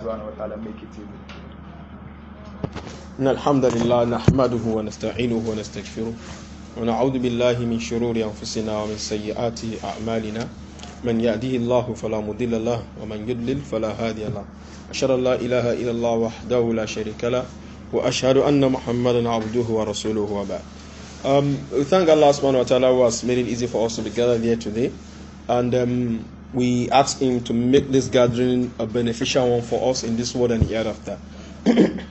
سبحانه وتعالى إن الحمد لله نحمده ونستعينه ونستغفره ونعوذ بالله من شرور أنفسنا ومن سيئات أعمالنا من يهده الله فلا مضل له ومن يضلل فلا هادي له أشهد أن لا إله إلا الله وحده لا شريك له وأشهد أن محمدا عبده ورسوله وبعد Um, we thank Allah subhanahu wa ta'ala who has made it easy for us to be gathered here today. And um, we ask Him to make this gathering a beneficial one for us in this world and hereafter. the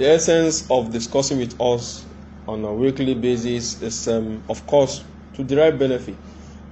essence of discussing with us on a weekly basis is, um, of course, to derive benefit.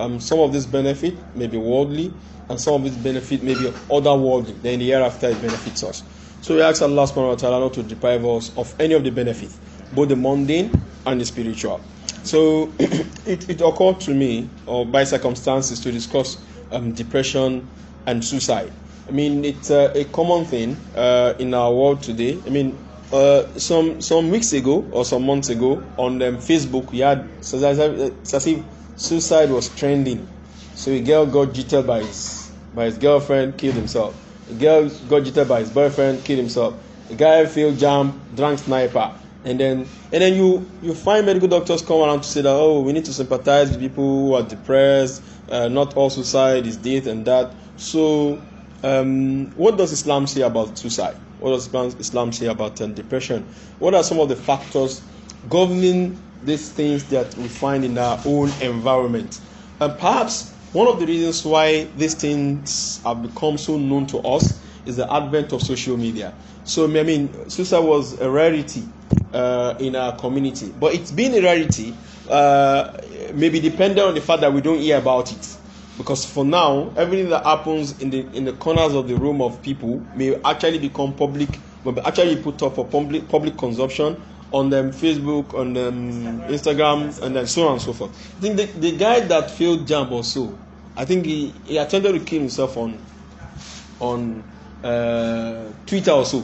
Um, some of this benefit may be worldly, and some of this benefit may be otherworldly. Then the hereafter it benefits us. So we ask Allah subhanahu wa ta'ala not to deprive us of any of the benefit, both the mundane and the spiritual. So it, it occurred to me, or by circumstances, to discuss um, depression and suicide. I mean, it's uh, a common thing uh, in our world today. I mean, uh, some some weeks ago or some months ago on um, Facebook, we had so as if suicide was trending. So a girl got jittered by his by his girlfriend, killed himself. A girl got jittered by his boyfriend, killed himself. A guy failed jump, drank sniper and then and then you you find medical doctors come around to say that oh we need to sympathize with people who are depressed uh, not all suicide is death, and that so um, what does islam say about suicide what does islam say about um, depression what are some of the factors governing these things that we find in our own environment and perhaps one of the reasons why these things have become so known to us is the advent of social media. So, I mean, Susa was a rarity uh, in our community, but it's been a rarity, uh, maybe dependent on the fact that we don't hear about it. Because for now, everything that happens in the in the corners of the room of people may actually become public, be actually put up for public public consumption on them Facebook, on them Instagram, Instagram and then so on and so forth. I think the, the guy that failed or so, I think he, he attempted to kill himself on on uh, Twitter also.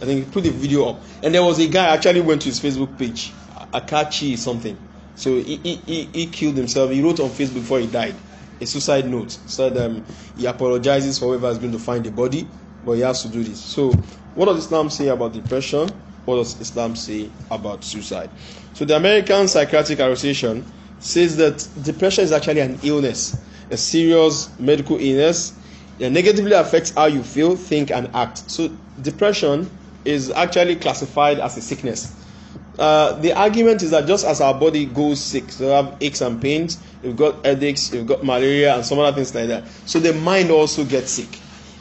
I think he put the video up. And there was a guy actually went to his Facebook page, Akachi something. So he, he, he, killed himself. He wrote on Facebook before he died a suicide note. Said um, he apologizes for whoever is going to find the body, but he has to do this. So, what does Islam say about depression? What does Islam say about suicide? So, the American Psychiatric Association says that depression is actually an illness, a serious medical illness negatively affects how you feel, think, and act. So depression is actually classified as a sickness. Uh, the argument is that just as our body goes sick, so we have aches and pains, we've got headaches, we've got malaria, and some other things like that. So the mind also gets sick.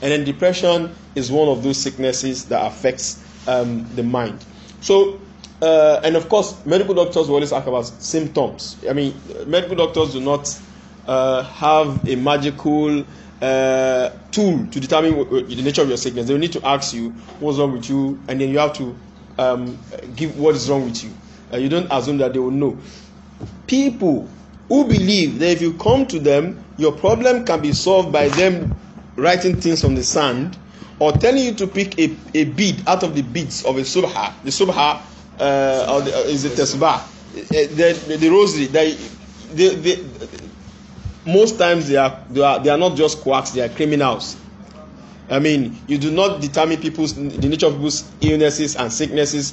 And then depression is one of those sicknesses that affects um, the mind. So, uh, and of course, medical doctors will always talk about symptoms. I mean, medical doctors do not uh, have a magical Uh, tool to determine what, what, the nature of your sickness. They will need to ask you what's wrong with you, and then you have to um, give what is wrong with you. Uh, you don't assume that they will know. People who believe that if you come to them, your problem can be solved by them writing things on the sand or telling you to pick a, a bead out of the beads of a subha. The subha uh, or the, uh, is the tasbah, uh, the, the, the rosary. They, they, they, most times they are they are, they are not just quacks they are criminals i mean you do not determine people's the nature of people's illnesses and sicknesses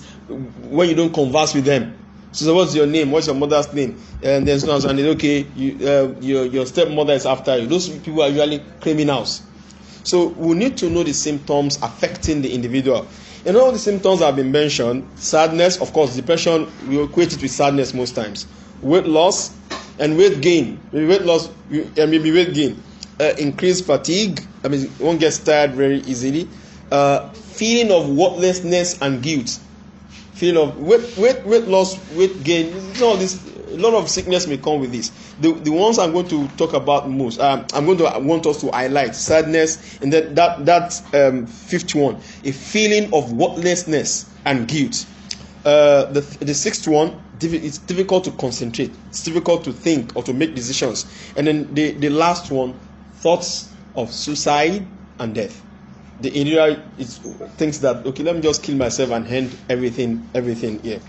when you don't converse with them so, what's your name what's your mother's name and then so and then okay you uh, your your stepmother is after you those people are usually criminals so we need to know the symptoms affecting the individual and all the symptoms have been mentioned sadness of course depression we equate it with sadness most times weight loss and weight gain, weight loss, and maybe weight gain, uh, increased fatigue. I mean, one gets tired very easily. Uh, feeling of worthlessness and guilt. Feeling of weight, weight, weight loss, weight gain. You know, this a lot of sickness may come with this. The, the ones I'm going to talk about most, um, I'm going to want us to highlight sadness and that that that um, 51, a feeling of worthlessness and guilt. Uh, the the sixth one it's difficult to concentrate it's difficult to think or to make decisions and then the the last one thoughts of suicide and death the individual is thinks that okay let me just kill myself and end everything everything here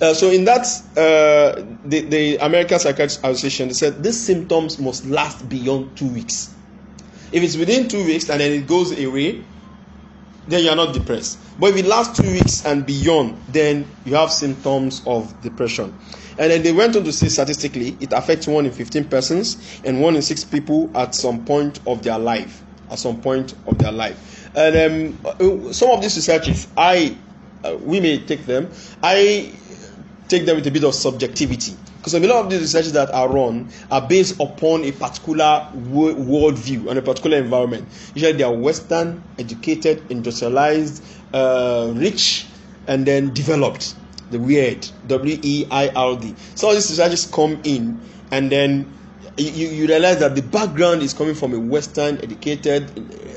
uh, so in that uh, the the american psychiatric association said these symptoms must last beyond two weeks if it's within two weeks and then it goes away then you are not depressed. But if it lasts two weeks and beyond, then you have symptoms of depression. And then they went on to say statistically, it affects one in fifteen persons and one in six people at some point of their life. At some point of their life. And um, uh, some of these researches, I, uh, we may take them, I take them with a bit of subjectivity. Because a lot of these researches that are run are based upon a particular worldview and a particular environment. Usually they are Western, educated, industrialized, uh, rich, and then developed. The weird, W E I R D. So all these researches come in and then you, you realize that the background is coming from a Western, educated,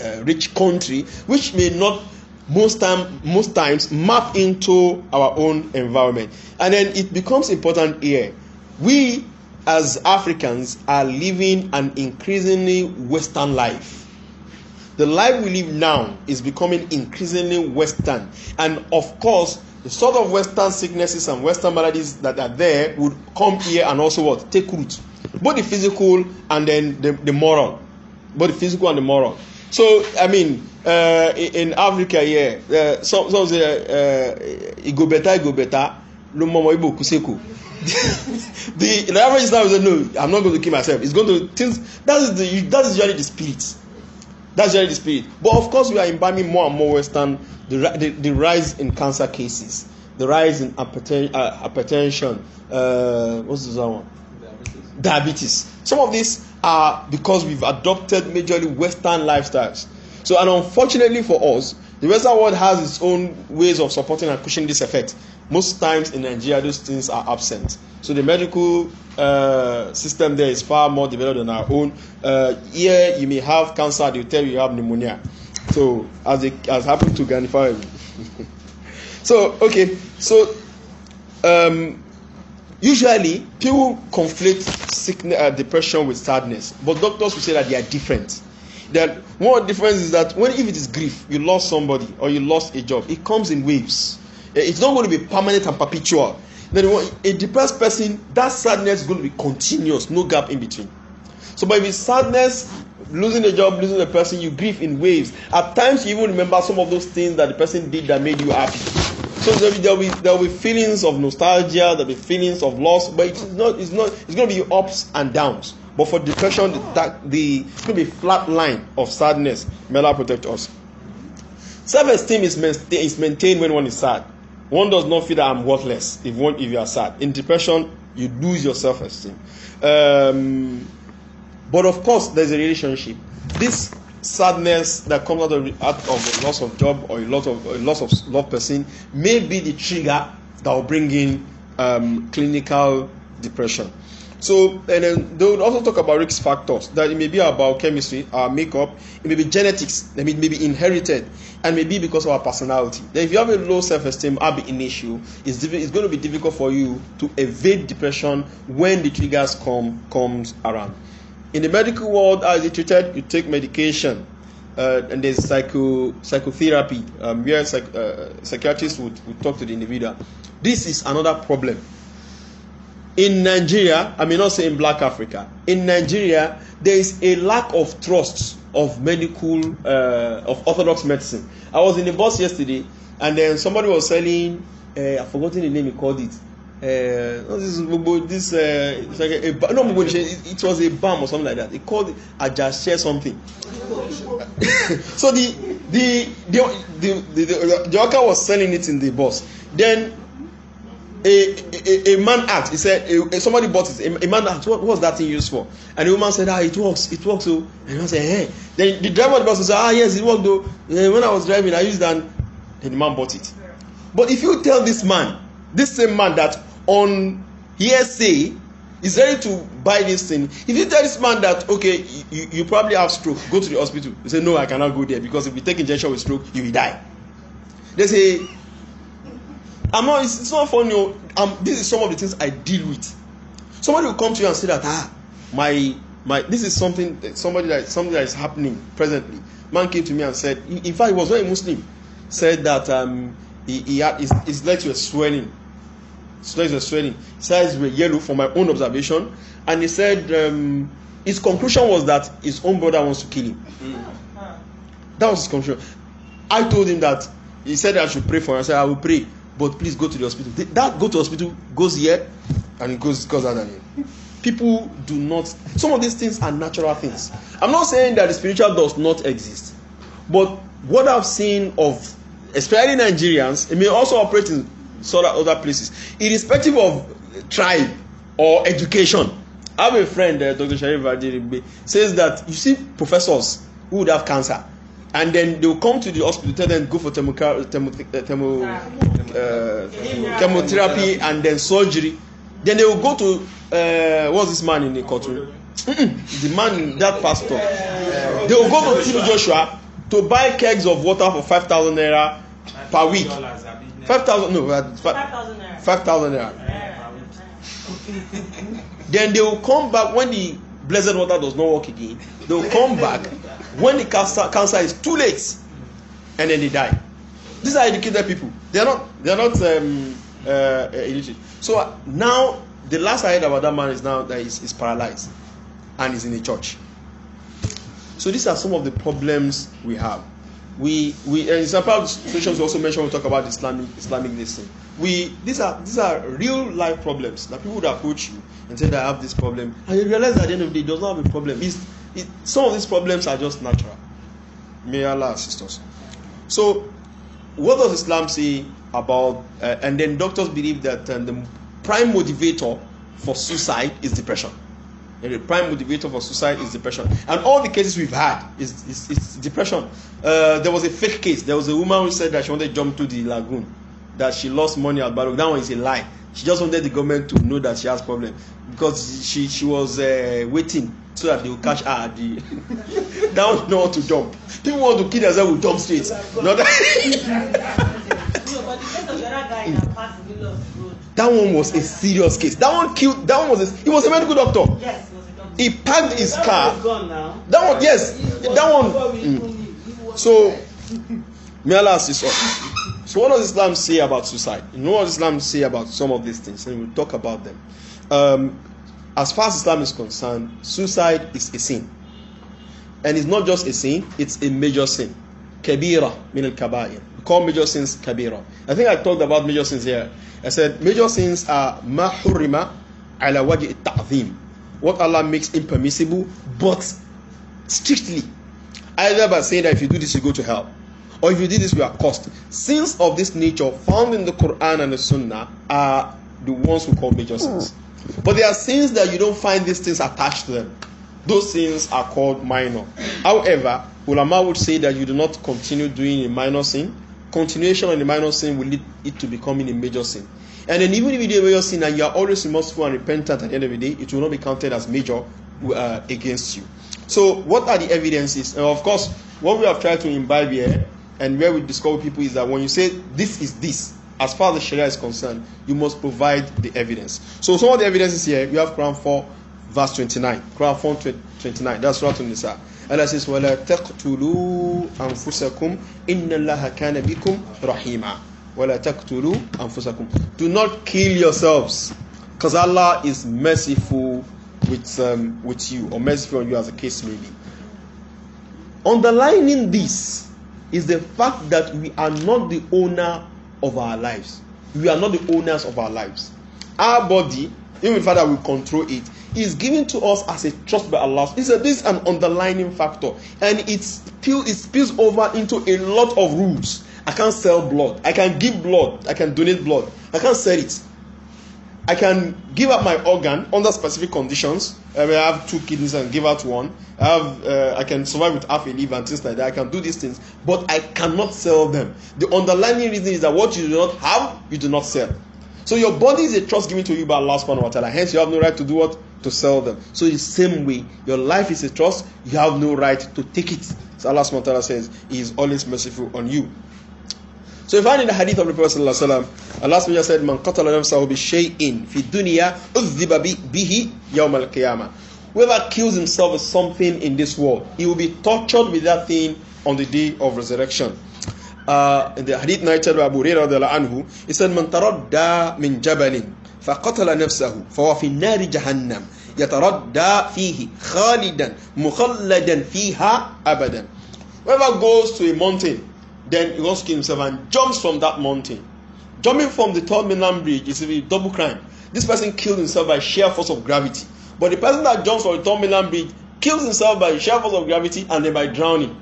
uh, rich country, which may not most time most times map into our own environment and then it becomes important here we as Africans are living an increasingly Western life. The life we live now is becoming increasingly Western, and of course, the sort of Western sicknesses and Western maladies that are there would come here and also what take root, both the physical and then the, the moral, both the physical and the moral. So I mean, uh, in Africa here, yeah, uh, some some say uh, uh, it go better, it go better. Lo mọmọ Igbo kú sẹ́kù the the average Islam said no I'm not going to kill myself it's going to things that is the that is usually the spirit that's usually the spirit but of course we are embalming more and more Western the the, the rise in cancer cases the rise in hypertension uh, hypertension uh, what's the other one diabetes. diabetes some of these are because we've adopted majorly Western lifestyles so and unfortunately for us The Western world has its own ways of supporting and cushioning this effect. Most times in Nigeria, those things are absent. So the medical uh, system there is far more developed than our own. Uh, here, you may have cancer, they tell you you have pneumonia. So, as it has happened to Ganifa. so, okay. So, um, usually people conflate sickness, uh, depression with sadness, but doctors will say that they are different that one difference is that when if it is grief you lost somebody or you lost a job it comes in waves eh, it's not going to be permanent and perpetual then a depressed person that sadness is going to be continuous no gap in between so but it's sadness losing a job losing a person you grieve in waves at times you even remember some of those things that the person did that made you happy so there will be there will be feelings of nostalgia there will be feelings of loss but it's not it's not it's going to be ups and downs But for depression, that the it could be flat line of sadness. May Allah protect us. Self-esteem is, is maintained when one is sad. One does not feel that I'm worthless if one if you are sad. In depression, you lose your self-esteem. Um, but of course, there's a relationship. This sadness that comes out of, out of a loss of job or a loss of a loss of love person may be the trigger that will bring in um, clinical depression. So, and then they will also talk about risk factors that it may be about chemistry, our uh, makeup, it may be genetics, it may be inherited, and maybe because of our personality. Then, if you have a low self esteem, that will be an issue. It's, it's going to be difficult for you to evade depression when the triggers come comes around. In the medical world, as it treated? You take medication. Uh, and there's psycho psychotherapy um, where psych, uh, psychiatrists would, would talk to the individual. This is another problem in nigeria i may not say in black africa in nigeria there is a lack of trust of medical uh, of orthodox medicine i was in the bus yesterday and then somebody was selling uh, i forgot the name he called it uh, no this gbogbo this uh, it's like a, a no gbogbo it, it was a balm or something like that he called it ajase something so the the the the the the, the, the, the, the was selling it in the bus then a, a, a man asked, he said, a, a, somebody bought it. A, a man asked, what was that thing used for? And the woman said, ah, it works, it works. So, oh. and the man said, hey. Eh. Then the driver of the person said, ah, yes, it worked oh. though. When I was driving, I used that. Then the man bought it. But if you tell this man, this same man that on hearsay he's ready to buy this thing if you tell this man that okay you, you probably have stroke go to the hospital he say no i cannot go there because if you take injection with stroke you will die they say i'm not it's, it's not funny o oh. um this is some of the things i deal with somebody will come to you and say that ah my my this is something somebody that something that is happening presently man came to me and said in fact he was not a muslim said that um he he had his his legs were swelling his legs were swelling his eyes were yellow from my own observation and he said um his conclusion was that his own brother wants to kill him mm. that was his conclusion i told him that he said i should pray for him i said i will pray but please go to the hospital they, that go to hospital goes here and goes goes out and people do not some of these things are natural things i'm not saying that the spiritual does not exist but what i've seen of especially nigerians it may also operate in some other places irrespective of tribe or education i have a friend uh, dr sharif adirigbe says that you see professors who would have cancer and then they will come to the hospital tell them go for thermo thermo thermo uh, chemotherapy and then surgery then they will go to uh, what's this man in the country the man that pastor they will go to tv joshua to buy kegs of water for five thousand naira per week five thousand no uh, five thousand naira then they will come back when the blessed water does not work again they will come back when the cancer is too late and then they die These are educated people. They are not. They are not um, uh, uh illiterate. So uh, now the last I heard about that man is now that he is paralyzed, and is in a church. So these are some of the problems we have. We we and uh, in some situations we also mention we talk about Islamic Islamic this We these are these are real life problems that people would approach you and say that I have this problem, and you realize at the end of the day it does not have a problem. It's, it, some of these problems are just natural. May Allah assist us. So what does Islam say about, uh, and then doctors believe that um, the prime motivator for suicide is depression. And the prime motivator for suicide is depression. And all the cases we've had is, is, is depression. Uh, there was a fake case. There was a woman who said that she wanted to jump to the lagoon, that she lost money at Barrow. That one is a lie she just wanted the government to know that she has problem because she she was uh, waiting so that they will catch her at the that one know how to jump. people want to kill themselves with dump straight not that that one was a serious case that one killed that one was a he was a medical doctor yes, a he parked his that car that one yes that one mm. so may allah this one. So, what does Islam say about suicide? You know what Islam say about some of these things, and we'll talk about them. Um, as far as Islam is concerned, suicide is a sin, and it's not just a sin; it's a major sin. Kabira min al kabair. We call major sins kabira. I think I talked about major sins here. I said major sins are ma ala waji ta'zim. What Allah makes impermissible, but strictly, either by saying that if you do this, you go to hell or if you did this, you are cursed. Sins of this nature found in the Quran and the Sunnah are the ones we call major sins. Hmm. But there are sins that you don't find these things attached to them. Those sins are called minor. However, ulama would say that you do not continue doing a minor sin. Continuation on the minor sin will lead it to becoming a major sin. And then even if you do a major sin and you are always remorseful and repentant at the end of the day, it will not be counted as major uh, against you. So what are the evidences? And of course, what we have tried to imbibe here and where we discover people is that when you say this is this, as far as the Sharia is concerned, you must provide the evidence. So some of the evidence is here. We have Quran 4, verse 29. Quran 4, 29. That's Surah Nisa. Allah says, وَلَا تَقْتُلُوا أَنفُسَكُمْ إِنَّ اللَّهَ كَانَ بِكُمْ رَحِيمًا وَلَا تَقْتُلُوا أَنفُسَكُمْ Do not kill yourselves, because Allah is merciful with, um, with you, or merciful on you as the case may be. Underlining this, is the fact that we are not the owner of our lives. We are not the owners of our lives. Our body, even Father we control it, is given to us as a trust by Allah. It's a, this is an underlining factor, and it spill, it spills over into a lot of rules. I can sell blood. I can give blood. I can donate blood. I can sell it. I can give up my organ under specific conditions. I, mean, I have two kidneys and give out one. I have uh, I can survive with half a liver and things like that. I can do these things, but I cannot sell them. The underlying reason is that what you do not have, you do not sell. So your body is a trust given to you by Allah subhanahu wa ta'ala. Hence, you have no right to do what? To sell them. So the same way, your life is a trust, you have no right to take it. So Allah subhanahu wa ta'ala says, He is always merciful on you. So if I need the hadith of the Prophet sallallahu alaihi wasallam, Allah subhanahu said, "Man qatala nafsahu bi shay'in fi dunya udhiba bihi yawm al-qiyamah." Whoever kills himself with something in this world, he will be tortured with that thing on the day of resurrection. Uh, in the hadith narrated by Abu Hurairah anhu, he said, "Man taradda min jabalin فقتل نفسه فهو في نار جهنم يتردى فيه خالدا مخلدا فيها أبدا." Whoever goes to a mountain then he also kills himself and jumps from that mountain. Jumping from the third bridge is a double crime. This person killed himself by sheer force of gravity. But the person that jumps from the third bridge kills himself by sheer force of gravity and then by drowning.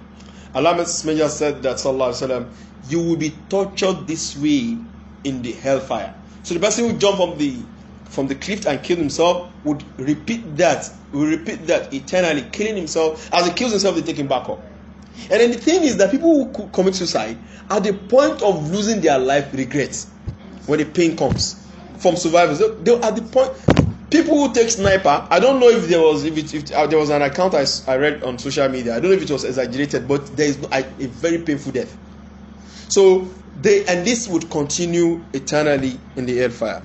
Allah "Major said that Sallallahu Alaihi Wasallam, you will be tortured this way in the hellfire. So the person who jumped from the from the cliff and killed himself would repeat that, will repeat that eternally, killing himself. As he kills himself, they take him back up. And then the thing is that people who commit suicide at the point of losing their life regret when the pain comes from survivors. They, they at the point people who take sniper. I don't know if there was if, it, if uh, there was an account I, I read on social media. I don't know if it was exaggerated, but there is a, a very painful death. So they and this would continue eternally in the hellfire.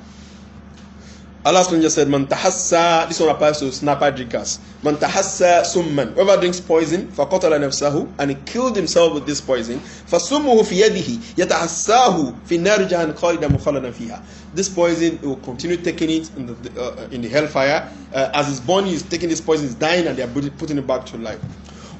Allah just said, Man tahassa, this one applies to snapper drinkers. Man tahassa summan. Whoever drinks poison, faqatala nafsahu, and he killed himself with this poison, fasumuhu fi yadihi, yatahassahu fi nari jahan qalida mukhaladan fiha. This poison, he will continue taking it in the, uh, in the hellfire. Uh, as his body is taking this poison, he's dying, and they are putting it back to life.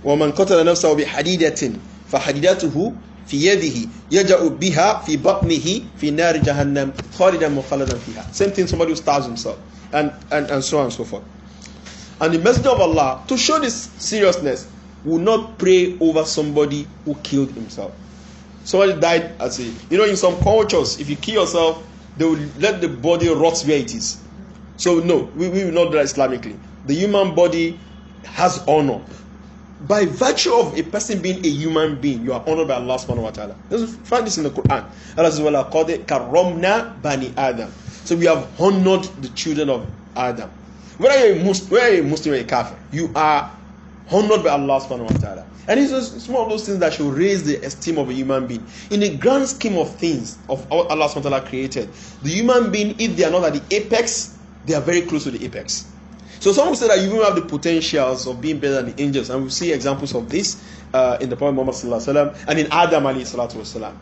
وَمَنْ قَتَلَ نَفْسَهُ بِحَدِيدَةٍ فَحَدِيدَتُهُ fi yadihi yaja'u biha fi batnihi fi nari jahannam khalidan mukhaladan fiha same thing somebody who stars himself and, and, and so on and so forth and the messenger of allah to show this seriousness will not pray over somebody who killed himself somebody died as a you know in some cultures if you kill yourself they will let the body rot where it is so no we, we will not do that islamically the human body has honor by virtue of a person being a human being, you are honoured by Allah subhanahu wa ta'ala. Find this in the Quran. Allah says, Wala karomna bani Adam. So we have honoured the children of Adam. Whether you're a Muslim, whether you're a Muslim or a kafir, you are honoured by Allah subhanahu wa ta'ala. And it's, just, one of those things that should raise the esteem of a human being. In the grand scheme of things of Allah subhanahu wa ta'ala created, the human being, if they are not at the apex, they are very close to the apex. So some will say that you even have the potentials of being better than the angels, and we see examples of this uh, in the Prophet Muhammad sallallahu sallam, and in Adam alayhi salatu wasalam.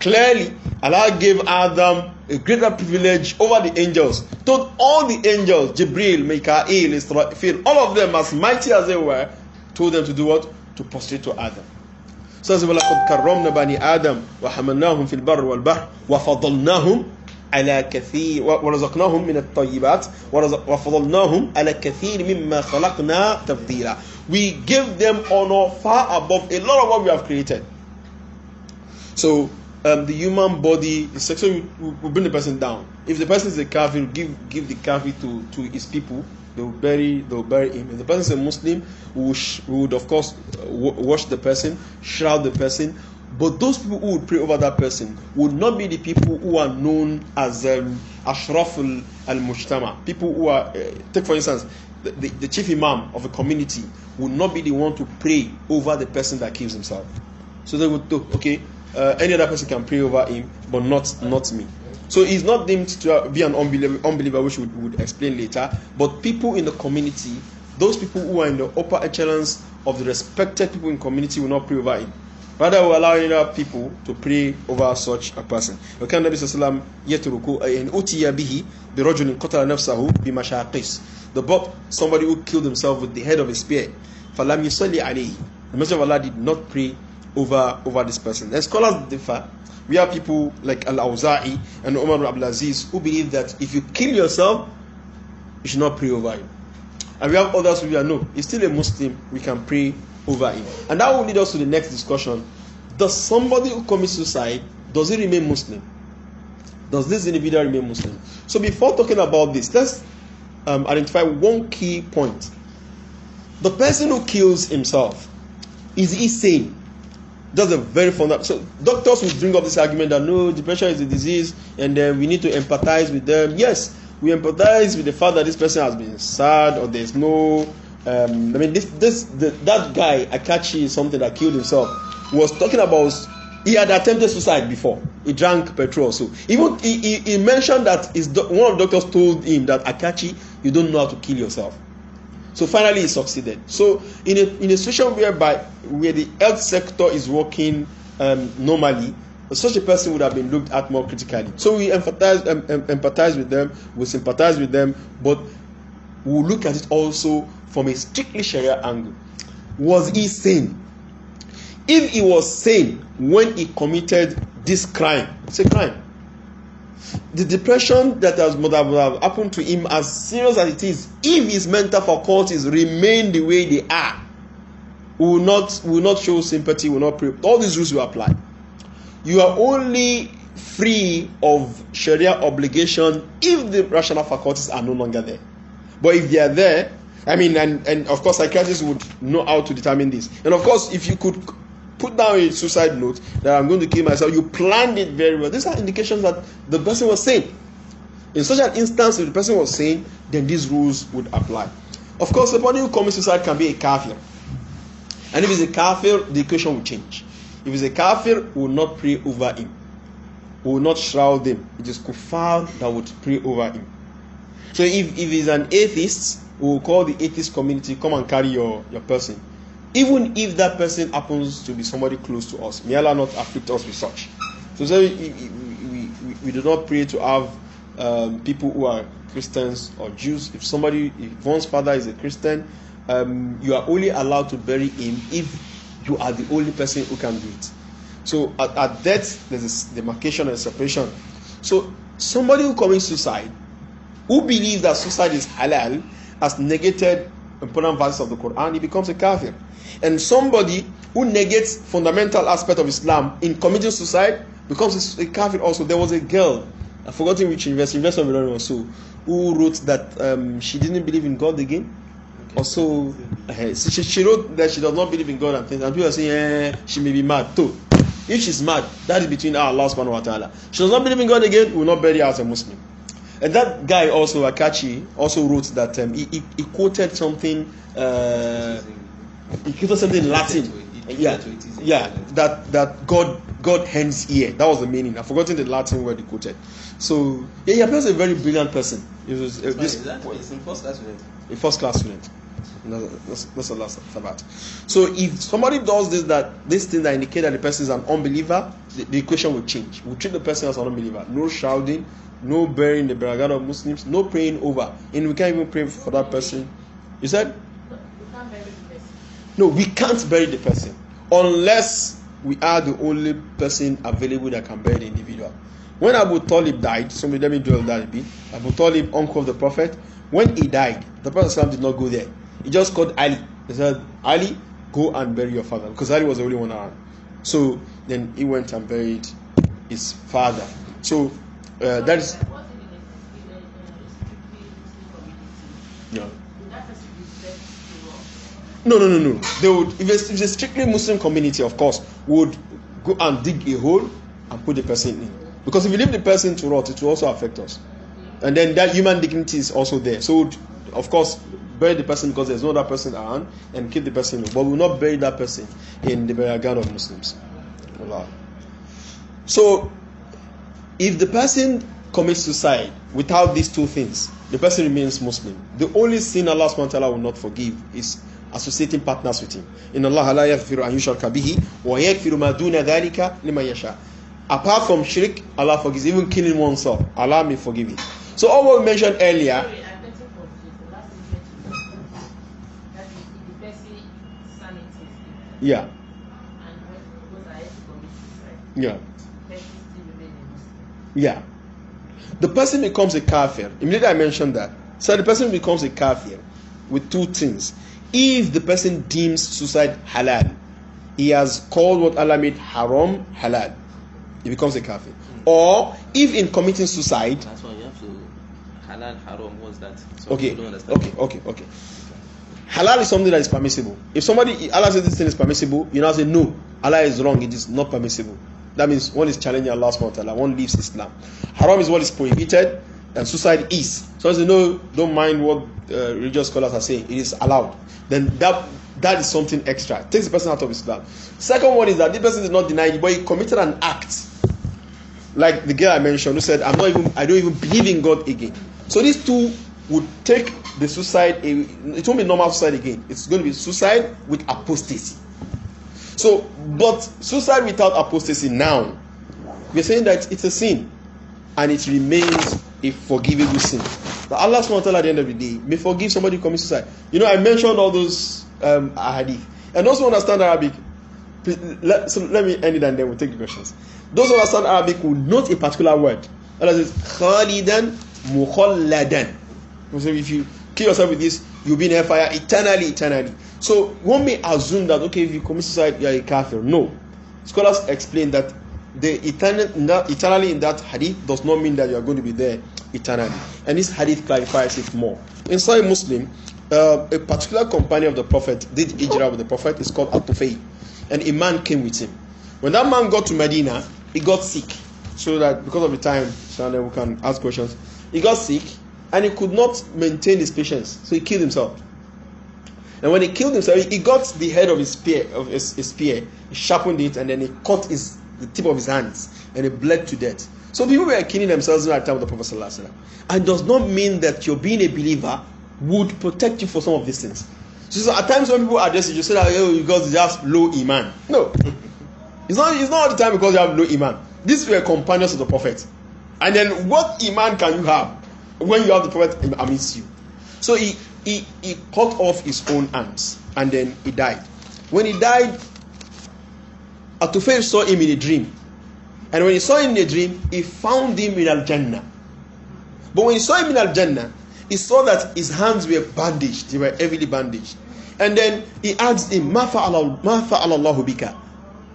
Clearly, Allah gave Adam a greater privilege over the angels. Told all the angels, Jibril, Mikael, Israfil, all of them, as mighty as they were, told them to do what? To prostrate to Adam. So as well, لَقَدْ كَرَّمْنَا بَنِي آدَمَ وَحَمَلْنَاهُمْ فِي الْبَرِّ وَالْبَحْرِ وَفَضَّلْنَاهُمْ على كثير ورزقناهم من الطيبات وفضلناهم على كثير مما خلقنا تفضيلا we give them honor far above a lot of what we have created so um, the human body the sexual will, will bring the person down if the person is a kafir give give the kafir to to his people they will bury they will bury him if the person is a muslim we would of course uh, wash the person shroud the person but those people who would pray over that person would not be the people who are known as um, al mustama People who are, uh, take for instance, the, the, the, chief imam of a community would not be the one to pray over the person that kills himself. So they would do, oh, okay, uh, any other person can pray over him, but not not me. So he's not deemed to be an unbeliever, unbeliever which we would explain later. But people in the community, those people who are in the upper echelons of the respected people in community, will not pray over him. Rather, we allow our people to pray over such a person. Eh, the book, somebody who killed himself with the head of a spear. The Messenger of Allah did not pray over over this person. And scholars differ. We have people like Al Awza'i and Umar Abdul Aziz who believe that if you kill yourself, you should not pray over him. And we have others who are no, he's still a Muslim, we can pray over him. And that will lead us to the next discussion. Does somebody who commits suicide, does he remain Muslim? Does this individual remain Muslim? So before talking about this, let's um, identify one key point. The person who kills himself, is he sane? That's a very fundamental. So doctors will bring up this argument that no, depression is a disease, and then we need to empathize with them. Yes, we empathize with the fact that this person has been sad or there's no um, I mean, this, this, the, that guy, Akachi, something that killed himself, was talking about he had attempted suicide before. He drank petrol, so even he, he, he mentioned that his do- one of the doctors told him that Akachi, you don't know how to kill yourself. So finally, he succeeded. So in a in a situation whereby where the health sector is working um, normally, such a person would have been looked at more critically. So we empathize um, um, empathize with them, we sympathize with them, but we we'll look at it also from a strictly Sharia angle. Was he sane? If he was sane when he committed this crime, it's a crime. The depression that has happened to him, as serious as it is, if his mental faculties remain the way they are, will not will not show sympathy, will not pray. All these rules will apply. You are only free of Sharia obligation if the rational faculties are no longer there. But if they are there, I mean, and, and of course, psychiatrists would know how to determine this. And of course, if you could put down a suicide note that I'm going to kill myself, you planned it very well. These are indications that the person was sane. In such an instance, if the person was sane, then these rules would apply. Of course, somebody who commits suicide can be a kafir. And if he's a kafir, the equation will change. If he's a kafir, we will not pray over him. We will not shroud him. It is kufar that would pray over him. So if, if he's an atheist, we will call the atheist community come and carry your your person even if that person happens to be somebody close to us may allah not afflict us with such so so we we, we, we do not pray to have um, people who are christians or jews if somebody if one's father is a christian um, you are only allowed to bury him if you are the only person who can do it so at, at death there's a demarcation and separation so somebody who commits suicide who believes that suicide is halal has negated important verses of the Quran, he becomes a kafir. And somebody who negates fundamental aspect of Islam in committing suicide becomes a kafir also. There was a girl, I've forgotten which university, University of Iran or so, who wrote that um, she didn't believe in God again. Also, uh, eh, she, she wrote that she does not believe in God and things, and people are saying eh, she may be mad too. If she's mad, that is between her and Allah subhanahu wa ta'ala. She does not believe in God again, we will not bury her as a Muslim. And that guy also, Akachi, also wrote that um, he, he, he, quoted something. Uh, he quoted something in Latin. Yeah, yeah. That that God God hands here. That was the meaning. I've forgotten the Latin word he quoted. So yeah, he appears a very brilliant person. He was uh, this, is that, in first class student. A first class student. That's a Nasala Sabat. So if somebody does this that this thing that indicates that the person is an unbeliever, the, the equation will change. We treat the person as an unbeliever. No shouting, no burying the braggart of Muslims, no praying over. And we can't even pray for that person. You said? No, we can't bury the person unless we are the only person available that can bury the individual. When Abu Talib died, somebody let me dwell that a bit. Abu Talib, uncle of the Prophet, when he died, the Prophet did not go there. He just called Ali. He said, Ali, go and bury your father. Because Ali was the only one around. So then he went and buried his father. So uh, that is. No. No, no, no, no. They would, if it's, if it's a strictly Muslim community, of course, would go and dig a hole and put the person in. Because if you leave the person to rot, it will also affect us. And then that human dignity is also there. So, of course, bury the person because there's no other person around and keep the person But we will not bury that person in the burial ground of Muslims. So, if the person commits suicide without these two things, the person remains Muslim. The only sin Allah SWT will not forgive is associating partners with him. In Allah la yaghfiru an yushraka bihi wa yaghfiru ma duna dhalika liman yasha. Apart from shirk, Allah forgives even killing oneself. Allah may forgive it. So all what we mentioned earlier Yeah. Yeah. Yeah. The person becomes a kafir. Immediately I mentioned that. So the person becomes a kafir with two things. If the person deems suicide halal, he has called what Allah made haram halal. He becomes a kafir. Mm. Or if in committing suicide. That's why you have to halal haram. What's that? So okay. Okay. Okay. Okay halal is something that is permissible if somebody allah says this thing is permissible you now say no allah is wrong it is not permissible that means one is challenging allah subhanahu wa ta'ala one leaves islam haram is what is prohibited and suicide is so as you know don't mind what uh, religious scholars are saying it is allowed then that that is something extra it takes the person out of islam second one is that this person is not denied but he committed an act like the girl i mentioned who said i'm not even i don't even believe in god again so these two would take the suicide it won't be normal suicide again it's going to be suicide with apostasy so but suicide without apostasy now we're saying that it's a sin and it remains a forgivable sin but allah SWT at the end of the day may forgive somebody who commits suicide you know i mentioned all those um hadith and those who understand arabic let, so let me end it and then we'll take the questions those who understand arabic will note a particular word That is khalidan mukhalladan so if you kill yourself with this you'll be in hellfire eternally eternally so one may assume that okay if you commit suicide you are a kafir no scholars explain that the eternal eternally in that hadith does not mean that you are going to be there eternally and this hadith clarifies it more inside muslim uh, a particular companion of the prophet did hijrah with the prophet is called atufay and a man came with him when that man got to medina he got sick so that because of the time so that we can ask questions he got sick and he could not maintain his patience, so he killed himself. And when he killed himself, he got the head of his spear, of his, his spear, he sharpened it, and then he cut his the tip of his hands, and he bled to death. So people were killing themselves at the time of the Prophet sallallahu and does not mean that your being a believer would protect you for some of these things. So, so at times when people address you, you say that oh, because you have low iman. No, it's not. It's not all the time because you have low iman. These were companions of the Prophet, and then what iman can you have? when you have the prophet amidst you. So he, he, he cut off his own arms and then he died. When he died, Atufail saw him in a dream. And when he saw him in a dream, he found him in Al Jannah. But when he saw him in Al Jannah, he saw that his hands were bandaged, they were heavily bandaged. And then he asked him, Ma fa'ala Allahu bika?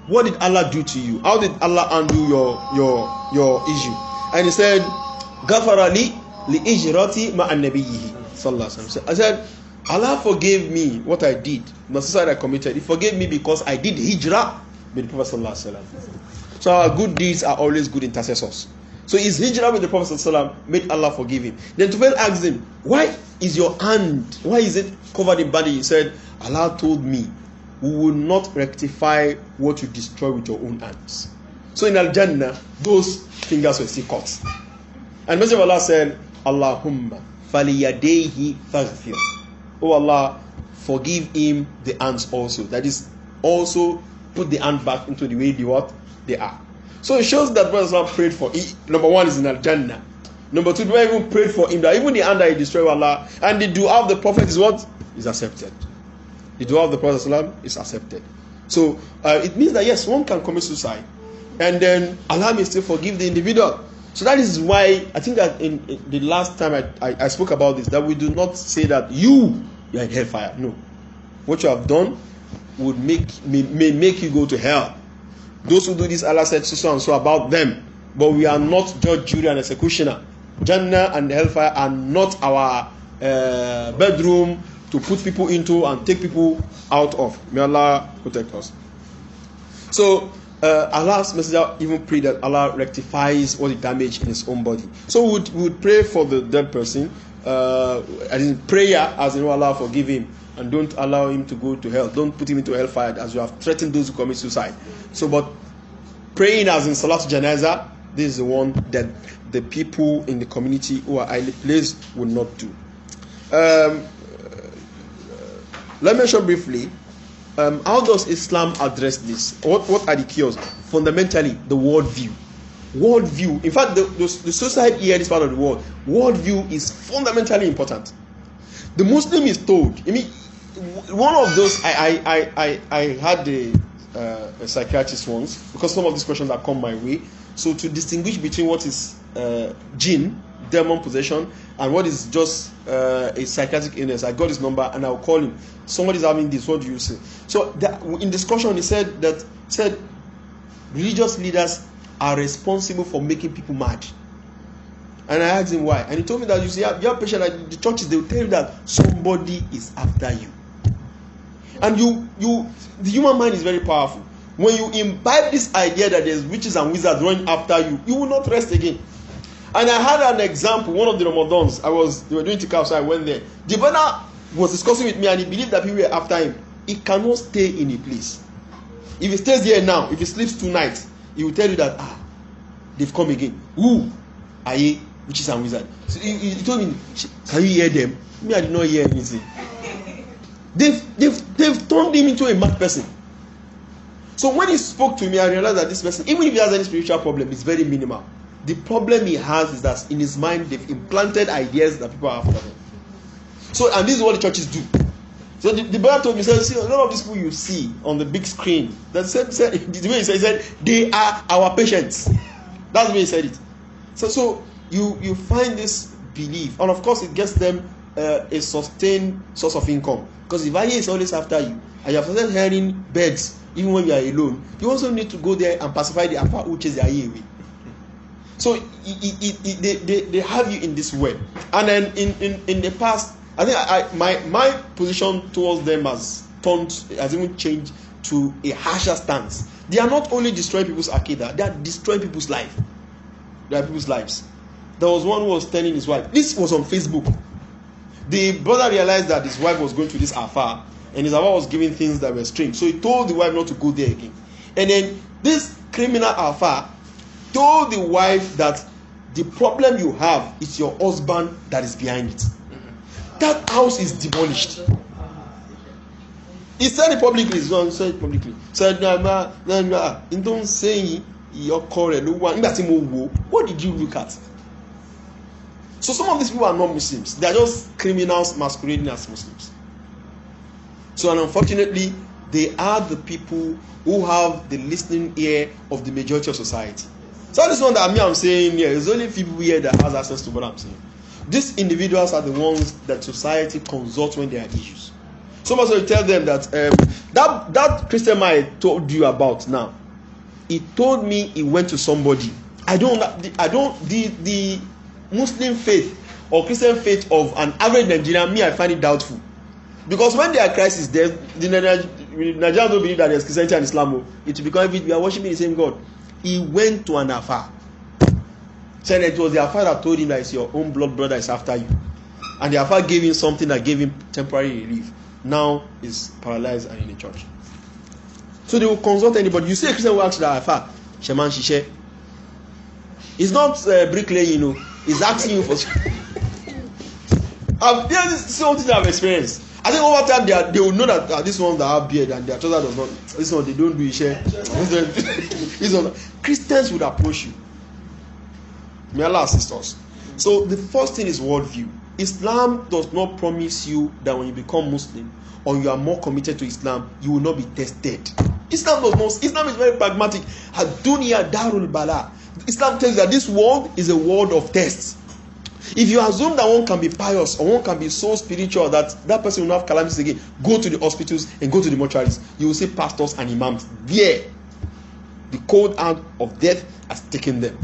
What did Allah do to you? How did Allah undo your, your, your issue? And he said, Ghafarali li ijirati ma annabiyihi sallallahu alaihi wasallam i said allah forgave me what i did the suicide i committed he forgave me because i did hijra with the prophet sallallahu alaihi wasallam so our good deeds are always good intercessors so his hijra with the prophet sallallahu alaihi wasallam made allah forgive him then tufel asked him why is your hand why is it covered in body he said allah told me we will not rectify what you destroy with your own hands so in aljanna those fingers were still cut and messenger of allah said Allahumma faliyadehi faghfir. Oh Allah, forgive him the hands also. That is also put the hand back into the way they what they are. So it shows that brothers not prayed for. him. number one is in Al Jannah. Number two, they even prayed for him that even the hand that he destroyed Allah and the dua of the Prophet is what is accepted. The dua of the Prophet is accepted. So uh, it means that yes, one can commit suicide and then Allah may still forgive the individual. So that is why I think that in, in the last time I, I, I spoke about this, that we do not say that you you are in hellfire. No, what you have done would make may, may make you go to hell. Those who do this, Allah said so, and so about them. But we are not judge, jury, and executioner. Jannah and hellfire are not our uh, bedroom to put people into and take people out of. May Allah protect us. So uh, Allah's messenger even prayed that Allah rectifies all the damage in his own body. So we would, we would pray for the dead person, uh, as in prayer, as in oh, Allah forgive him and don't allow him to go to hell. Don't put him into hellfire as you have threatened those who commit suicide. So, but praying as in Salat Janaza, this is the one that the people in the community who are highly placed will not do. Um, let me show briefly um, how does Islam address this? What, what are the cures? Fundamentally, the worldview. Worldview. In fact, the, the, the society here, this part of the world, worldview is fundamentally important. The Muslim is told. I mean, one of those I I I I, I had a, uh, a psychiatrist once because some of these questions that come my way. So to distinguish between what is uh, jinn demon possession and what is just uh, a psychiatric illness. I got his number and I'll call him. Somebody's having this. What do you say? So that, in discussion, he said that said religious leaders are responsible for making people mad. And I asked him why, and he told me that you see, you have patient at the churches. They will tell you that somebody is after you, and you you the human mind is very powerful. When you imbibe this idea that there's witches and wizards running after you, you will not rest again. And I had an example, one of the Ramadans, I was they were doing tikaf, so I went there. The brother was discussing with me and he believed that people were after him. He cannot stay in a place. If he stays there now, if he sleeps tonight, he will tell you that ah, they've come again. Who are ye? Which is a wizard. So he, he told me, Can you hear them? Me, I did not hear anything. They've, they've, they've turned him into a mad person. So when he spoke to me, I realized that this person, even if he has any spiritual problem, it's very minimal. The problem he has is that in his mind they've implanted ideas that people have for him. So, and this is what the churches do. So the, the brother told me, said, see, a lot of these people you see on the big screen, the same, same the way he said, he said, they are our patients. That's the way he said it. So, so you you find this belief, and of course, it gets them uh, a sustained source of income. Because if Aye is always after you, and you have started hearing birds even when you are alone, you also need to go there and pacify the Afa who chase the Aye away. So it, it, it, they, they, they have you in this way. And then in, in, in the past, I think I, I, my, my position towards them has turned, has even changed to a harsher stance. They are not only destroying people's akida, they are destroying people's life. They are people's lives. There was one who was telling his wife, this was on Facebook. The brother realized that his wife was going to this afar and his afar was giving things that were strange. So he told the wife not to go there again. And then this criminal afar told the wife that the problem you have is your husband that is behind it that house is demolished he said it publicly he said it publicly said nama nama He tó say he ìyọkọ rẹ̀ ló wà nígbà tí mo wò what did you look at so some of these people are not Muslims they are just criminals masquerading as Muslims so and unfortunately they are the people who have the listening ear of the majority of society So this one that me I'm saying here is only people here that has access to what I'm saying. These individuals are the ones that society consults when there are issues. So much so you tell them that um, that that Christian man I told you about now, he told me he went to somebody. I don't I don't the the Muslim faith or Christian faith of an average Nigerian me I find it doubtful because when there are crises there the Nigerians don't believe that there is Christianity and Islam o oh. it will become we are worshiping the same God he went to an afar said it was the afar that told him that it's your own blood brother is after you and the afar gave him something that gave him temporary relief now he's paralyzed and in the church so they will consult anybody you see a christian who ask that afar sheman sise it's not uh, bricklaying you know he's asking you for i've heard something i've experienced I think over time they are, they will know that ah, this one that have beard and their trouser does not this one they don't do iṣẹ́ this one Christians would approach you may Allah assist us so the first thing is worldview Islam does not promise you that when you become Muslim or you are more committed to Islam you will not be tested Islam does not Islam is very pragmatic adunia darul bala Islam tells you that this world is a world of tests If you assume that one can be pious or one can be so spiritual that that person will not have calamities again, go to the hospitals and go to the mortuaries. You will see pastors and imams there. The cold hand of death has taken them.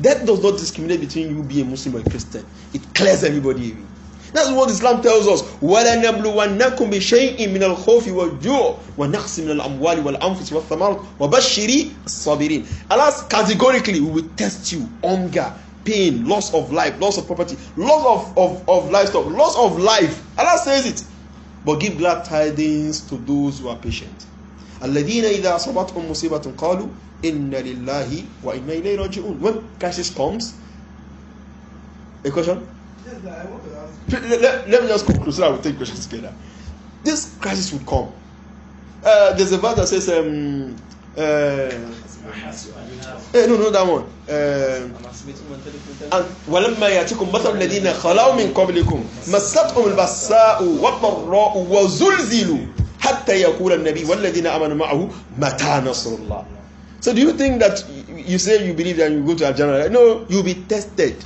Death does not discriminate between you being a Muslim or a Christian. It clears everybody away. That's what Islam tells us. Wa wa nablu bi shay'in min al وَلَنَبْلُوَنَّكُمْ بِشَيْءٍ مِنَ الْخَوْفِ وَالْجُوعِ وَنَقْصٍ مِنَ الْأَمْوَالِ وَالْأَنْفُسِ وَالثَّمَرَاتِ وَبَشِّرِ sabirin. Alas, categorically we will test you hunger, pain, loss of life, loss of property, loss of, of, of livestock, loss of life. Allah says it. But give glad tidings to those who are patient. الذين إذا أصابتهم مصيبة قالوا إن wa inna إليه raji'un. When crisis comes, a question? Let, me just conclude so I will take questions together. This crisis will come. Uh, there's a verse that says, um, uh, no, no, that one. Eh, and ولما يأتيكم مثل الذين خلوا من قبلكم مستهم البأساء والضراء وزلزلوا حتى يقول النبي والذين آمنوا معه متى نصر الله. So do you think that you say you believe that you go to a general? No, you'll be tested.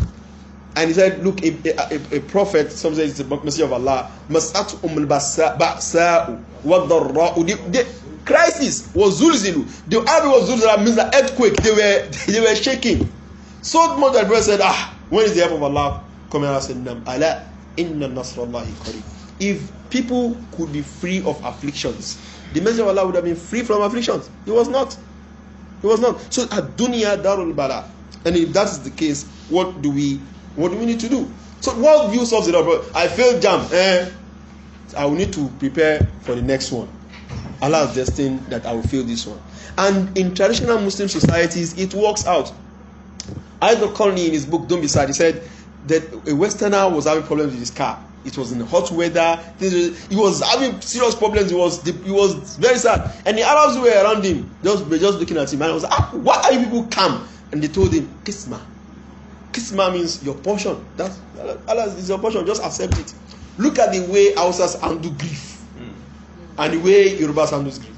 And he said, look, a, a, a prophet, some say it's the mercy of Allah, مَسْأَتْهُمُ الْبَأْسَاءُ وَالضَّرَّاءُ crisis was zulzulu the army was zulzulu means that earthquake they were they were shaking so much that the said ah when is the help of allah coming out said nam ala inna nasrallahi qarib if people could be free of afflictions the messenger of allah would have been free from afflictions he was not he was not so adunia darul bala and if that is the case what do we what do we need to do so world view solves it up i feel jam eh i will need to prepare for the next one Allah has destined that I will feel this one. And in traditional Muslim societies, it works out. Idol Conley in his book Don't Be Sad, he said that a Westerner was having problems with his car. It was in hot weather. Things, he was having serious problems. He was he was very sad. And the Arabs were around him, just were just looking at him. And I was like, ah, why are you people calm? And they told him, Kisma. Kisma means your portion. That Allah is your portion. Just accept it. Look at the way Hausas handle grief and the way Yoruba Sandus give.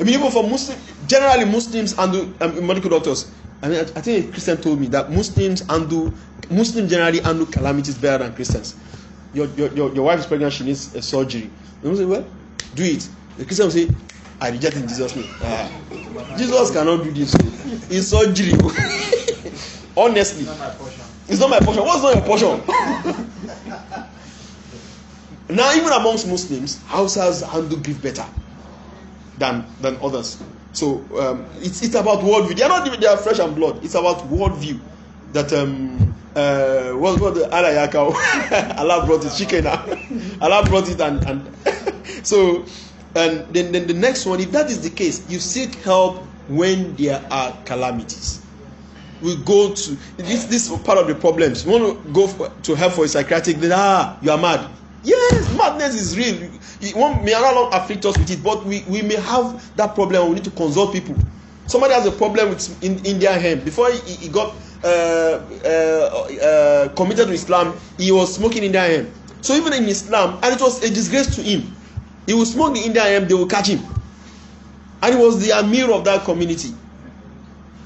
I mean, even for Muslim, generally Muslims handle um, medical doctors. I mean, I, I think a Christian told me that Muslims handle Muslims generally handle calamities better than Christians. Your your your, wife is pregnant, she needs a surgery. You say, well, do it. The Christian will say, I reject in Jesus' name. Ah, Jesus cannot do this. It's surgery. Honestly, it's not my portion. What's not your portion? Now, even amongst Muslims, Hausas handle grief better than than others. So um, it's it's about worldview. They are not they are flesh and blood. It's about worldview that um uh what what alayakao Allah brought it chicken Allah brought it and and so and then then the next one if that is the case you seek help when there are calamities we go to this this part of the problems you want to go for, to help for a psychiatric then ah you are mad Yes, madness is real. One may Allah not afflict us with it, but we, we may have that problem. We need to consult people. Somebody has a problem with in, Indian hemp. Before he, he got uh, uh, uh, committed to Islam, he was smoking Indian hemp. So even in Islam, and it was a disgrace to him. He would smoke the Indian hemp, they would catch him. And he was the amir of that community.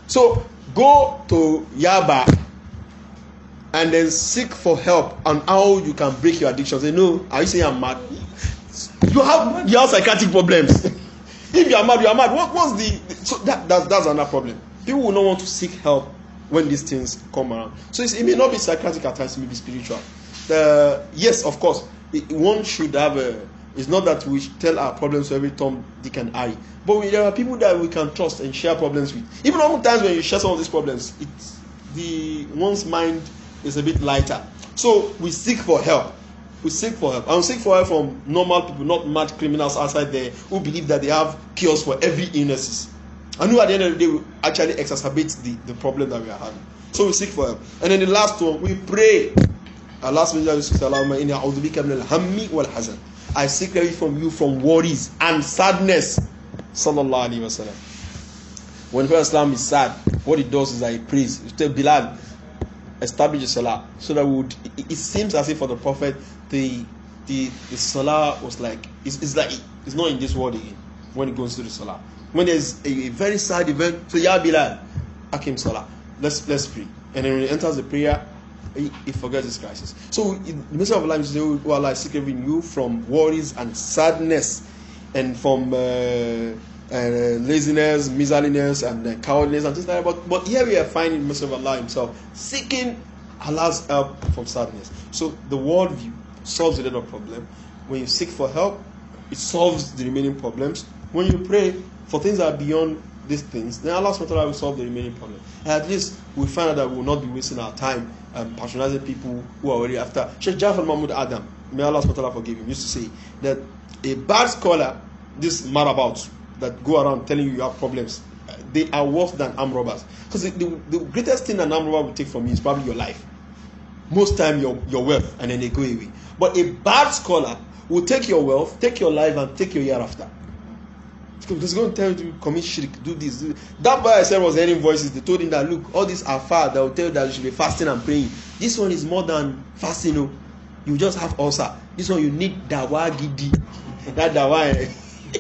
So go to Yaba and then seek for help on how you can break your addiction say no are you saying i'm mad you have you have psychiatric problems if you are mad you are mad what what's the so that that's that's another problem people will not want to seek help when these things come around so it's, it may not be psychiatric at times it may be spiritual uh, yes of course it, one should have a it's not that we tell our problems to every Tom, Dick, and I, but we, there are people that we can trust and share problems with. Even often times when you share some of these problems, it's the one's mind is a bit lighter. So we seek for help. We seek for help. I'm seek for help from normal people, not mad criminals outside there who believe that they have cures for every illnesses. And who at the end of the day will actually exacerbate the, the problem that we are having. So we seek for help. And then the last one, we pray. I seek refuge from you from worries and sadness. Sallallahu Alaihi Wasallam. When Prophet Islam is sad, what he does is that he prays. He tells Bilal, establish the salah so that would it, it, seems as if for the prophet the the, the salah was like it's, it's like it's not in this world again when it goes to the salah when there's a, a very sad event so ya bilal akim salah let's let's pray and then when he enters the prayer he, he forgets his crisis so the message of life is oh allah is seeking you from worries and sadness and from uh, uh, laziness, miserliness, and uh, cowardness, and things like that. But, but here we are finding most of Allah Himself seeking Allah's help from sadness. So the world solves the little problem. When you seek for help, it solves the remaining problems. When you pray for things that are beyond these things, then Allah SWT will solve the remaining problem. And at least we find out that we will not be wasting our time um, patronizing people who are already after. Sheikh Jafar Mahmud Adam, may Allah SWT forgive him, used to say that a bad scholar, this marabout, that go around telling you you have problems, they are worse than arm robbers. Because the, the, the, greatest thing an arm robber will take from you is probably your life. Most time your, your wealth and then they go away. But a bad scholar will take your wealth, take your life, and take your year after. He's going to tell you to commit shirk, do this. Do That boy I said was hearing voices. They told him that look, all these are far. They will tell you that you should be fasting and praying. This one is more than fasting. No, you just have ulcer. This one you need dawa gidi. that dawa. Eh?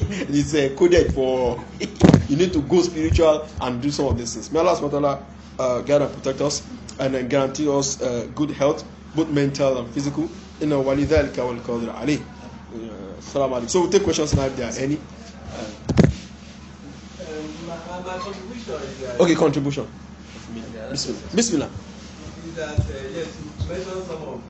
it's uh, coded for you need to go spiritual and do some of these things. May Allah subhanahu wa uh, guide and protect us and uh, guarantee us uh, good health, both mental and physical. Inna walidhalika wal qadir alayh. Assalamu uh, alaikum. So we'll take questions now if there are any. Uh, my, my contribution is, uh, okay, contribution. Bismillah. Bismillah. that, uh, yes, you mentioned some of